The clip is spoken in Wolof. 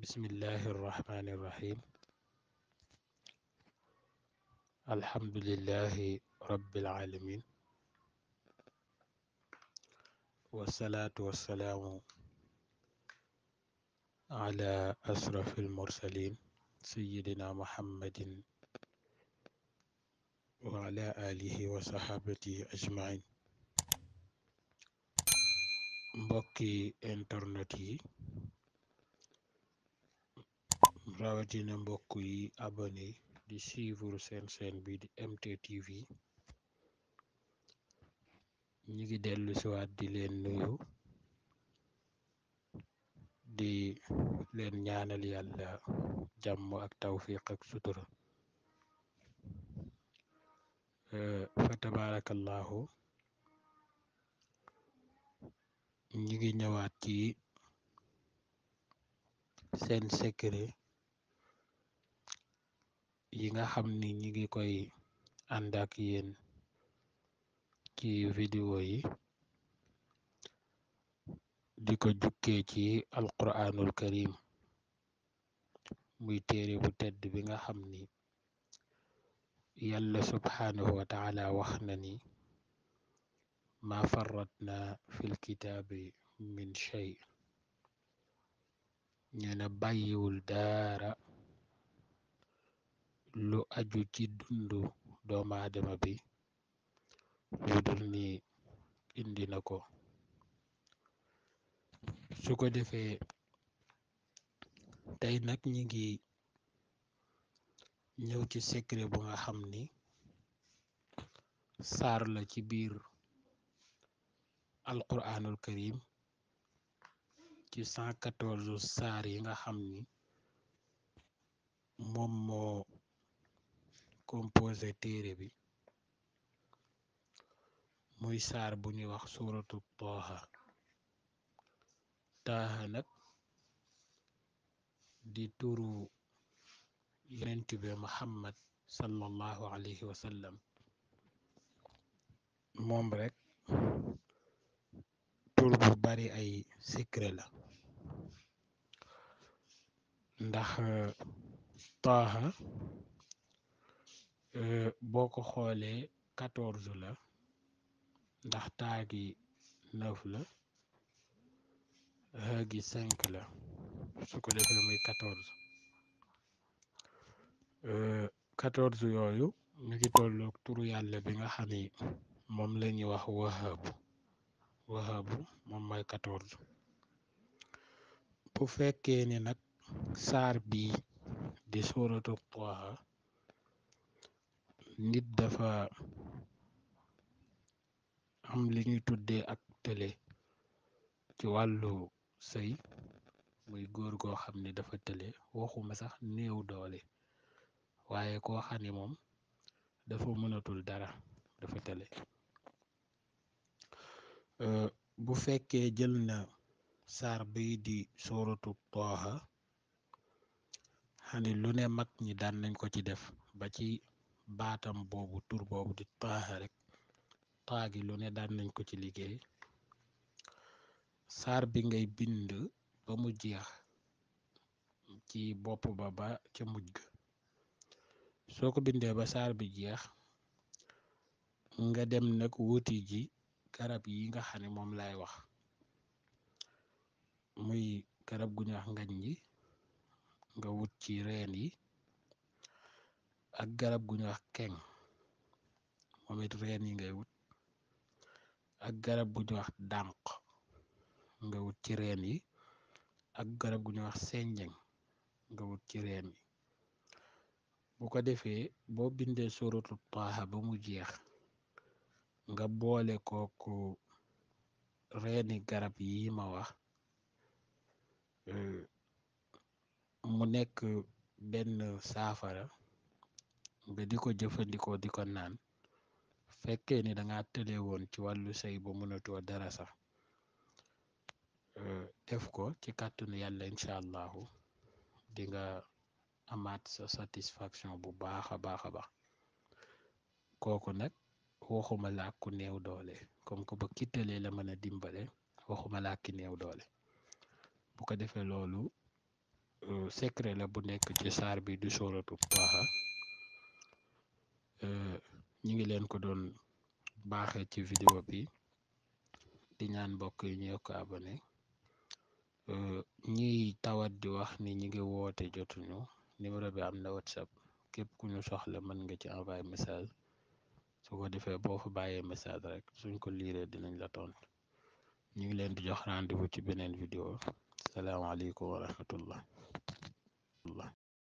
bismillahi irrahmani irrahim alhamdulillahi rabbil alamin wassalaatu wassalaamu ala ashrafil mursalin sayyidina muhammadin wa ala alihi wa sahabatihi ajmain mbokki internet yi rawatina mbokk yi abonné di suivre seen chaîne bi di MTTV ñi ngi dellu di leen nuyu di leen ñaanal yàlla jàmm ak tawfiq ak sutura eh, fa tabarakallahu ñi ngi ñëwaat ci seen secret yi nga xam ni ñi ngi koy ànd yen yéen ci vidéo yi di ko jukkee ci alquranul karim muy téere bu tedd bi nga xam ni yàlla subhaanahu wa taala wax na ni ma na fil kitaabi min shay ñeena bàyyiwul daara lu aju ci dundu doomu bi lu dul ni indi na ko su ko defee tey nag ñi ngi ñëw ci secret bu nga xam ni saar la ci biir alquranul karim ci 114 saar yi nga xam ni moom moo composé téere bi muy saar bu ñuy wax suuratu taaha taaha nag di tuuru yonent bi muhammad sallallahu alayhi wa sallam moom rekk tur bu bari ay secret la ndax taaha Euh, boo ko xoolee quatorze la ndax taa gi la ha gi cinq la su ko defee muy euh, quatorze yooyu ñu ngi tolloog turu yàlla bi nga xam ni moom la wax wahabu wahabu moom mooy quatorze bu fekkee ni nag saar bi di suuratu Taaha nit dafa am li ñuy tuddee ak tële ci wàllu sëy muy góor goo xam ne dafa tële waxuma sax néew doole waaye koo xam ne moom dafa mënatul dara dafa tële euh, bu fekkee jël na saar bii di sóoratu tooxa xani lu ne mag ñi daan nañ ko ci def ba ci baatam boobu tur boobu di taaxa rek taagi lu ne daan nañ ko ci liggéey saar bi ngay bind ba mu jeex ci bopp ba ba ca mujj soo ko bindee ba saar bi jeex nga dem nag wuti ji garab yi nga xam moom laay wax muy garab gu ñuy wax ngañ yi nga wut ci reen yi ak garab gu ñu wax keng moom it reen yi ngay wut ak garab gu ñu wax dànq nga wut ci reen yi ak garab gu ñu wax senjeng nga wut ci reen yi bu ko defee boo bindee suratu taaha ba mu jeex nga boole kooku reeni garab yi ma wax euh, mu nekk benn saafara nga di ko jëfandikoo di ko naan fekkee ni danga ngaa tële woon ci wàllu sëy ba mënatoo dara sax euh, def ko ci kàttanu yàlla incha allahu di nga amaat sa satisfaction bu baax a baax a baax kooku nag waxuma laa ku néew doole comme que ba kittalee la mën a dimbale waxuma laa ki néew doole bu ko defee loolu euh, secret la bu nekk ci saar bi du sóoratu Taaha ñu ngi leen ko doon baaxee ci vidéo bi di ñaan mbokk yi ñu yokk abonné euh, ñiy tawat di wax ni ñi ngi woote jotuñu numéro bi am na whatsapp képp ku ñu soxla mën nga ci envoyé message su ko defee boo fa bàyyee message rek suñ ko liiree dinañ la tontu ñu ngi leen di jox rendez-vous ci beneen vidéo salaamaaleykum wa rahmatullah